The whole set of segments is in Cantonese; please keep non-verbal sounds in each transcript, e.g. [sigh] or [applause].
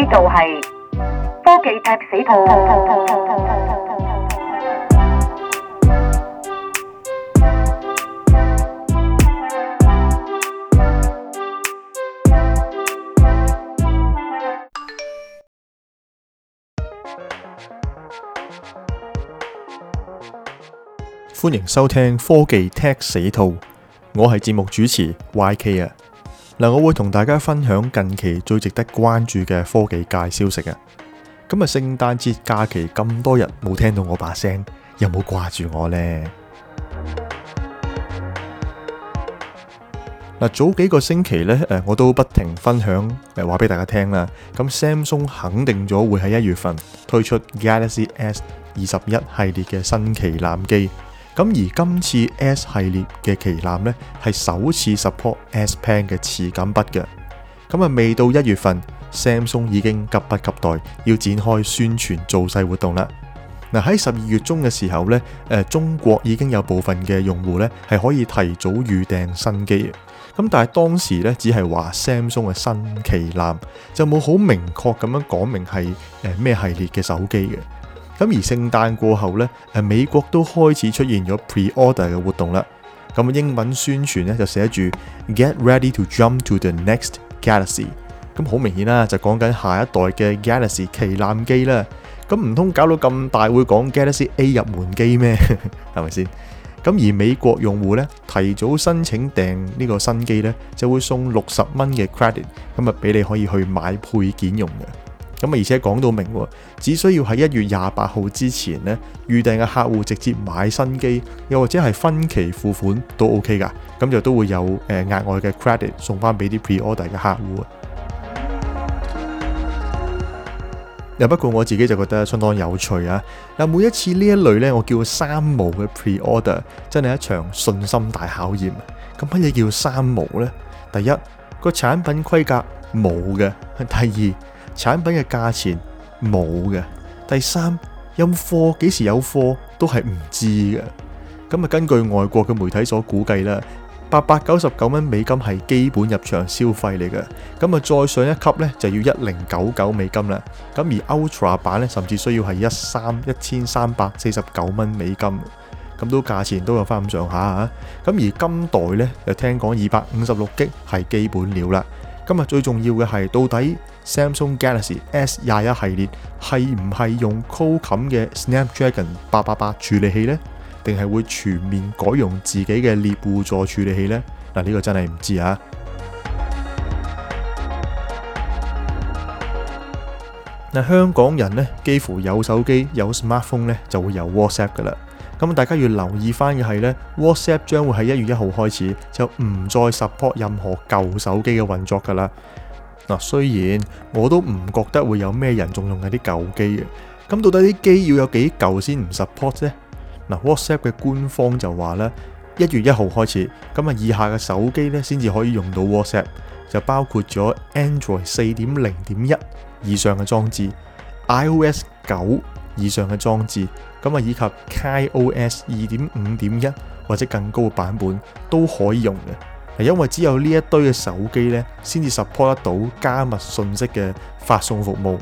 呢度係科技 Tech 死兔，歡迎收聽科技 Tech 死兔，我係節目主持 YK 啊。嗱，我會同大家分享近期最值得關注嘅科技界消息啊！咁啊，聖誕節假期咁多日冇聽到我把聲，有冇掛住我呢？早幾個星期咧，誒，我都不停分享，誒，話俾大家聽啦。咁，Samsung 肯定咗會喺一月份推出 Galaxy S 二十一系列嘅新旗艦機。咁而今次 S 系列嘅旗艦呢，係首次 support S Pen 嘅磁感筆嘅。咁啊，未到一月份，Samsung 已經急不及待要展開宣傳造勢活動啦。嗱，喺十二月中嘅時候呢，誒，中國已經有部分嘅用戶呢，係可以提早預訂新機嘅。咁但係當時呢，只係話 Samsung 嘅新旗艦，就冇好明確咁樣講明係誒，咩系列嘅手機嘅。咁而聖誕過後咧，誒美國都開始出現咗 pre-order 嘅活動啦。咁英文宣傳咧就寫住 Get ready to jump to the next galaxy。咁好明顯啦，就講緊下一代嘅 Galaxy 旗艦機啦。咁唔通搞到咁大會講 Galaxy A 入門機咩？係咪先？咁而美國用戶咧，提早申請訂呢個新機咧，就會送六十蚊嘅 credit，咁啊俾你可以去買配件用嘅。咁而且講到明喎，只需要喺一月廿八號之前呢，預訂嘅客戶直接買新機，又或者係分期付款都 OK 㗎，咁就都會有誒額外嘅 credit 送翻俾啲 pre order 嘅客戶。不過我自己就覺得相當有趣啊！嗱，每一次呢一類呢，我叫三無嘅 pre order，真係一場信心大考驗。咁乜嘢叫三無呢？第一個產品規格冇嘅，第二。產品嘅價錢冇嘅。第三，入貨幾時有貨都係唔知嘅。咁啊，根據外國嘅媒體所估計啦，八百九十九蚊美金係基本入場消費嚟嘅。咁啊，再上一級咧就要一零九九美金啦。咁而 Ultra 版咧，甚至需要係一三一千三百四十九蚊美金，咁都價錢都有翻咁上下啊。咁而今代咧，就聽講二百五十六 G 係基本料啦。今日最重要嘅係到底。Samsung Galaxy S 廿一系列係唔係用 Qualcomm 嘅 Snapdragon 八八八處理器呢？定係會全面改用自己嘅獵戶座處理器呢？嗱，呢個真係唔知啊！嗱，香港人呢，幾乎有手機有 smartphone 呢，就會有 WhatsApp 噶啦。咁大家要留意翻嘅係呢，WhatsApp 將會喺一月一號開始就唔再 support 任何舊手機嘅運作噶啦。嗱，雖然我都唔覺得會有咩人仲用緊啲舊機嘅，咁到底啲機要有幾舊先唔 support 咧？嗱，WhatsApp 嘅官方就話咧，一月一號開始，咁啊以下嘅手機咧先至可以用到 WhatsApp，就包括咗 Android 四點零點一以上嘅裝置、iOS 九以上嘅裝置，咁啊以及 KaiOS 二點五點一或者更高嘅版本都可以用嘅。係因為只有呢一堆嘅手機咧，先至 support 得到加密信息嘅發送服務。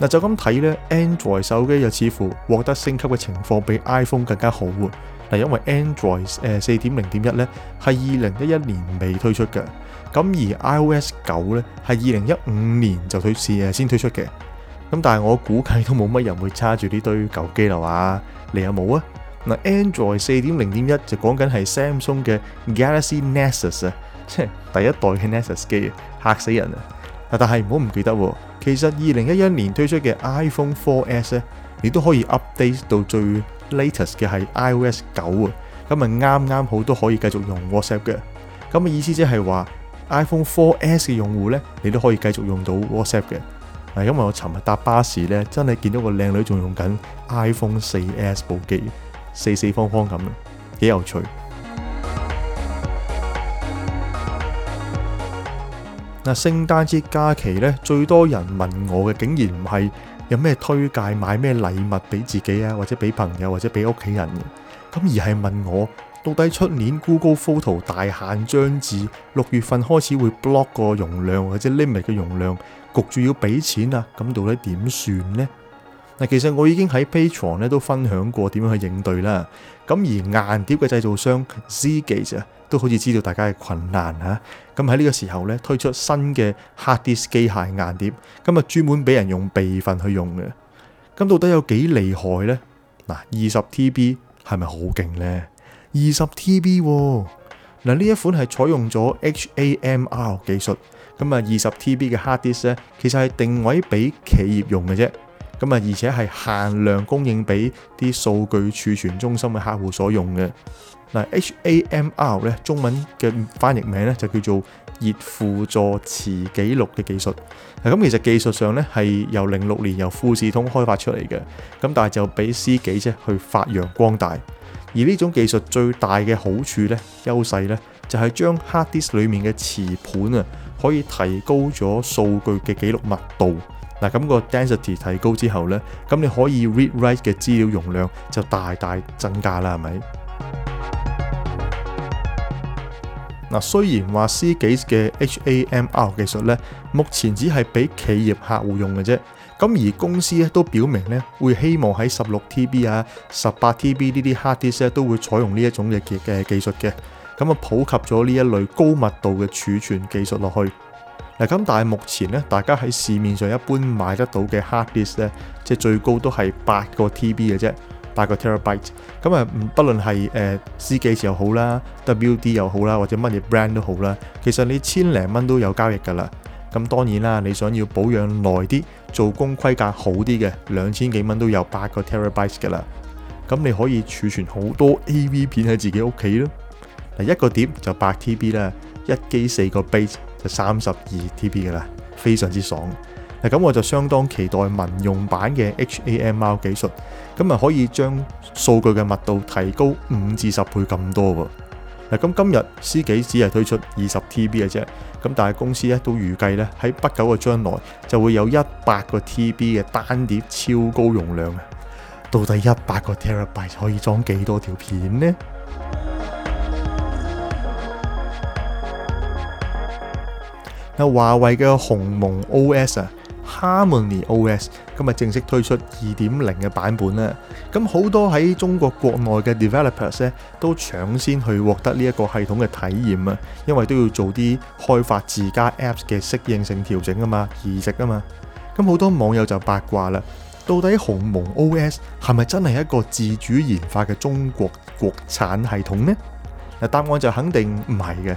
嗱，就咁睇咧，Android 手機又似乎獲得升級嘅情況比 iPhone 更加好。嗱，因為 Android 誒四點零點一咧係二零一一年未推出嘅，咁而 iOS 九咧係二零一五年就推先推出嘅。咁但係我估計都冇乜人會揸住呢堆舊機啦，哇！你有冇啊？Android 四點零點一就講緊係 Samsung 嘅 Galaxy Nexus 啊，即第一代嘅 Nexus 機啊，嚇死人啊！但係唔好唔記得喎，其實二零一一年推出嘅 iPhone 4S 咧，你都可以 update 到最 latest 嘅係 iOS 九，咁咪啱啱好都可以繼續用 WhatsApp 嘅。咁嘅意思即係話 iPhone 4S 嘅用戶咧，你都可以繼續用到 WhatsApp 嘅。嗱，因為我尋日搭巴士咧，真係見到個靚女仲用緊 iPhone 四 S 部機。四四方方咁幾有趣。嗱，聖誕節假期呢，最多人問我嘅，竟然唔係有咩推介買咩禮物俾自己啊，或者俾朋友或者俾屋企人，咁而係問我到底出年 Google Photo 大限將至，六月份開始會 block 個容量或者 limit 嘅容量，焗住要俾錢啊，咁到底點算呢？其實我已經喺 Patreon 咧，都分享過點樣去應對啦。咁而硬碟嘅製造商 Seagate 都好似知道大家嘅困難吓，咁喺呢個時候咧推出新嘅 Hard Disk 機械硬碟，咁啊，專門俾人用備份去用嘅。咁到底有幾厲害呢？嗱，二十 TB 係咪好勁呢？二十 TB 嗱，呢一款係採用咗 HAMR 技術，咁啊，二十 TB 嘅 Hard Disk 咧，其實係定位俾企業用嘅啫。咁啊，而且係限量供應俾啲數據儲存中心嘅客戶所用嘅。嗱，HAMR 咧，中文嘅翻譯名咧就叫做熱輔助磁記錄嘅技術。嗱，咁其實技術上咧係由零六年由富士通開發出嚟嘅，咁但係就俾 Seagate 去發揚光大。而呢種技術最大嘅好處咧、優勢咧，就係將 hard disk 裡面嘅磁盤啊，可以提高咗數據嘅記錄密度。嗱，咁個 density 提高之後呢，咁你可以 read write 嘅資料容量就大大增加啦，係咪？嗱，雖然話 C 幾嘅 h a m r 技術呢，目前只係俾企業客戶用嘅啫。咁而公司咧都表明呢，會希望喺十六 TB 啊、十八 TB 呢啲 hard disk 都會採用呢一種嘅嘅技術嘅。咁啊，普及咗呢一類高密度嘅儲存技術落去。嗱，咁但係目前咧，大家喺市面上一般買得到嘅 hard disk 咧，即係最高都係八個 TB 嘅啫，八個 terabyte。咁啊，唔不論係誒 Seagate 又好啦，WD 又好啦，或者乜嘢 brand 都好啦，其實你千零蚊都有交易噶啦。咁當然啦，你想要保養耐啲、做工規格好啲嘅，兩千幾蚊都有八個 terabyte 嘅啦。咁你可以儲存好多 AV 片喺自己屋企咯。嗱，一個碟就八 TB 啦，一機四個 base。就三十二 TB 嘅啦，非常之爽。嗱，咁我就相當期待民用版嘅 HAMR 技術，咁啊可以將數據嘅密度提高五至十倍咁多喎。嗱，咁今日司機只係推出二十 TB 嘅啫，咁但係公司咧都預計咧喺不久嘅將來就會有一百個 TB 嘅單碟超高容量。到底一百個 terabyte 可以裝幾多條片呢？華為嘅鴻蒙 OS 啊，Harmony OS 今日正式推出二點零嘅版本啦。咁好多喺中國國內嘅 developers 咧，都搶先去獲得呢一個系統嘅體驗啊，因為都要做啲開發自家 Apps 嘅適應性調整啊嘛，移植啊嘛。咁好多網友就八卦啦，到底鴻蒙 OS 係咪真係一個自主研發嘅中國國產系統呢？嗱，答案就肯定唔係嘅。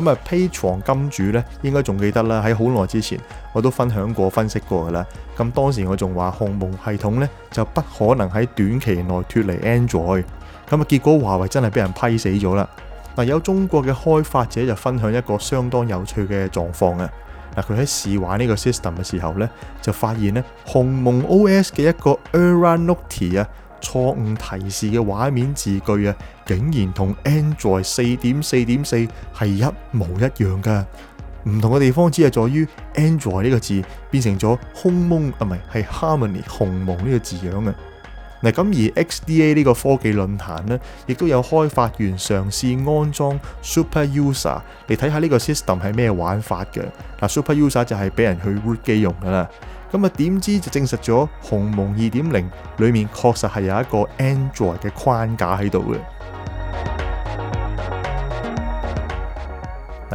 咁啊，Patreon 金主咧，應該仲記得啦。喺好耐之前，我都分享過分析過噶啦。咁當時我仲話鴻蒙系統咧就不可能喺短期內脫離 Android。咁啊，結果華為真係俾人批死咗啦。嗱，有中國嘅開發者就分享一個相當有趣嘅狀況啊。嗱，佢喺試玩呢個 system 嘅時候咧，就發現咧鴻蒙 OS 嘅一個 error note 啊。錯誤提示嘅畫面字句啊，竟然同 Android 四點四點四係一模一樣嘅，唔同嘅地方只係在於 Android 呢個字變成咗鴻蒙啊，唔係係 Harmony 鴻蒙呢個字樣啊。嗱咁而 XDA 呢個科技論壇呢，亦都有開發員嘗試安裝 Superuser 嚟睇下呢個 system 係咩玩法嘅。嗱 Superuser 就係俾人去 root 機用噶啦。咁啊，點知就證實咗鴻蒙二點零裏面確實係有一個 Android 嘅框架喺度嘅。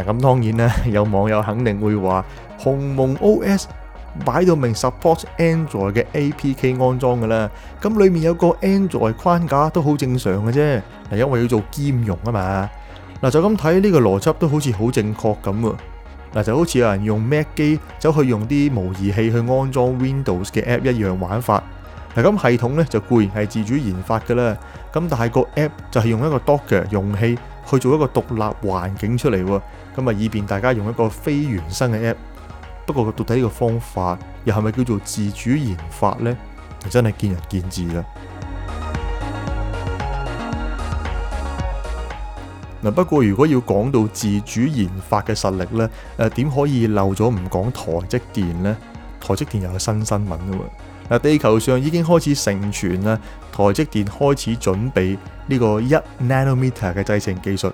嗱，咁當然啦，有網友肯定會話，鴻蒙 OS 擺到明 support Android 嘅 APK 安裝嘅啦。咁裡面有個 Android 框架都好正常嘅啫，嗱，因為要做兼容啊嘛。嗱，就咁睇呢個邏輯都好似好正確咁喎。嗱，就好似有人用 Mac 機走去用啲模擬器去安裝 Windows 嘅 App 一樣玩法。嗱，咁系統咧就固然係自主研發㗎啦，咁但係個 App 就係用一個 Docker 用器去做一個獨立環境出嚟喎，咁啊，以便大家用一個非原生嘅 App。不過，個到底呢個方法又係咪叫做自主研發呢，就真係見仁見智啦。嗱，不過如果要講到自主研發嘅實力咧，誒點可以漏咗唔講台積電呢？台積電又有新新聞噶喎。嗱，地球上已經開始盛傳啦，台積電開始準備呢個一 nanometer 嘅製程技術。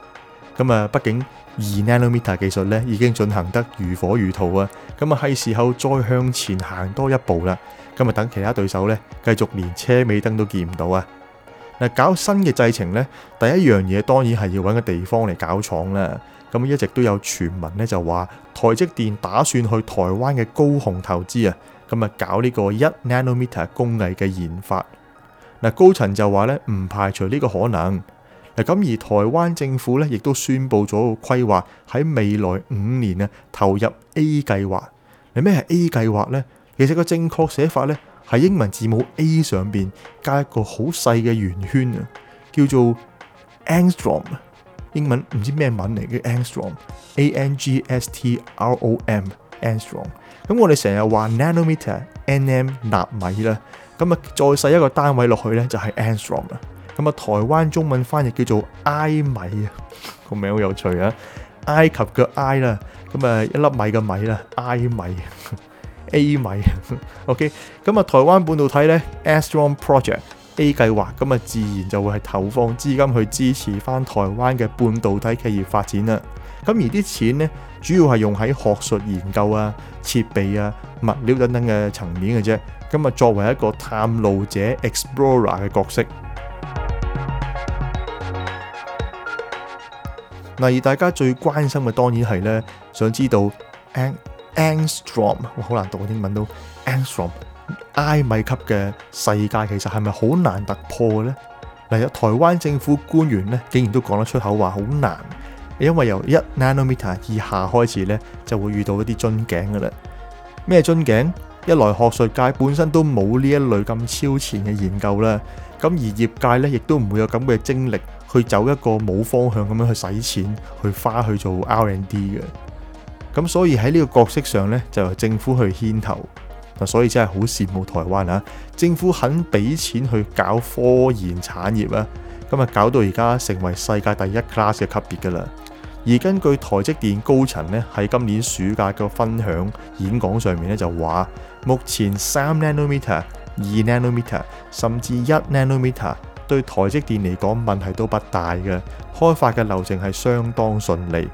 咁啊，畢竟二 nanometer 技術咧已經進行得如火如荼啊，咁啊係時候再向前行多一步啦。咁啊，等其他對手咧繼續連車尾燈都見唔到啊！嗱，搞新嘅製程咧，第一樣嘢當然係要揾個地方嚟搞廠啦。咁一直都有傳聞咧，就話台積電打算去台灣嘅高雄投資啊。咁啊，搞呢個一 nanometer 工藝嘅研發。嗱，高層就話咧，唔排除呢個可能。嗱，咁而台灣政府咧，亦都宣布咗個規劃喺未來五年啊，投入 A 計劃。你咩係 A 計劃咧？其實個正確寫法咧。喺英文字母 A 上面加一個好細嘅圓圈啊，叫做 angstrom。英文唔知咩文嚟嘅 angstrom，A-N-G-S-T-R-O-M，angstrom。咁 angstrom, angstrom 我哋成日話 nanometer，nm 納米啦。咁啊，再細一個單位落去咧，就係 angstrom 啦。咁啊，台灣中文翻譯叫做埃米啊，個名好有趣啊，埃及嘅埃啦，咁啊一粒米嘅米啦，埃米。埃米 A 米 [laughs] ，OK，咁啊，台灣半導體呢 Astron Project A 計劃，咁啊，自然就會係投放資金去支持返台灣嘅半導體企業發展啦。咁而啲錢呢，主要係用喺學術研究啊、設備啊、物料等等嘅層面嘅啫。咁啊，作為一個探路者 （explorer） 嘅角色。嗱，而大家最關心嘅當然係呢，想知道。Anstrom，好難讀英文都。Angstrom，埃米級嘅世界其實係咪好難突破呢？例如台灣政府官員咧，竟然都講得出口話好難，因為由一 nanometer 以下開始咧，就會遇到一啲樽頸嘅啦。咩樽頸？一來學術界本身都冇呢一類咁超前嘅研究啦，咁而業界咧亦都唔會有咁嘅精力去走一個冇方向咁樣去使錢去花去做 R&D 嘅。咁所以喺呢個角色上呢，就由政府去牽頭，嗱，所以真係好羨慕台灣啊！政府肯俾錢去搞科研產業啊，咁就搞到而家成為世界第一 class 嘅級別噶啦。而根據台積電高層呢，喺今年暑假個分享演講上面呢，就話，目前三 nanometer、二 nanometer 甚至一 nanometer 對台積電嚟講問題都不大嘅，開發嘅流程係相當順利。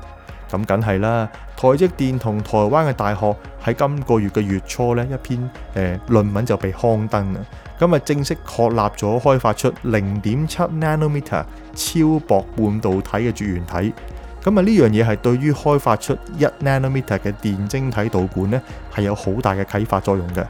咁梗係啦，台積電同台灣嘅大學喺今個月嘅月初呢一篇誒論文就被刊登啦，咁啊正式確立咗開發出零點七 nanometer 超薄半導體嘅絕緣體，咁啊呢樣嘢係對於開發出一 nanometer 嘅電晶體導管呢係有好大嘅啟發作用嘅，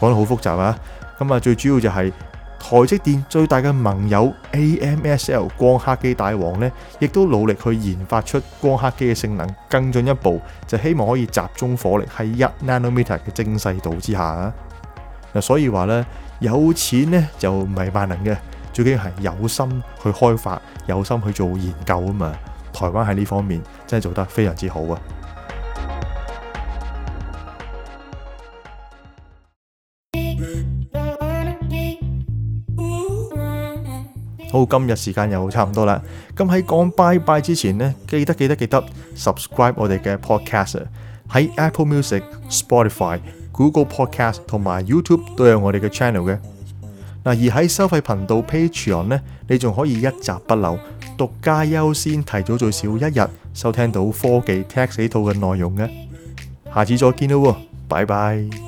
講得好複雜啊，咁啊最主要就係、是。台積電最大嘅盟友 AMSL 光刻機大王咧，亦都努力去研發出光刻機嘅性能更進一步，就希望可以集中火力喺一 nanometer 嘅精細度之下啊！所以話咧，有錢咧就唔係萬能嘅，最緊要係有心去開發，有心去做研究啊嘛！台灣喺呢方面真係做得非常之好啊！好，今日時間又差唔多啦。咁喺講拜拜之前咧，記得記得記得 subscribe 我哋嘅 podcast 喺 Apple Music、Spotify、Google Podcast 同埋 YouTube 都有我哋嘅 channel 嘅。嗱，而喺收費頻道 Patreon 咧，你仲可以一集不漏、獨家優先、提早最少一日收聽到科技 Tech 死兔嘅內容嘅。下次再見啦，喎，拜拜。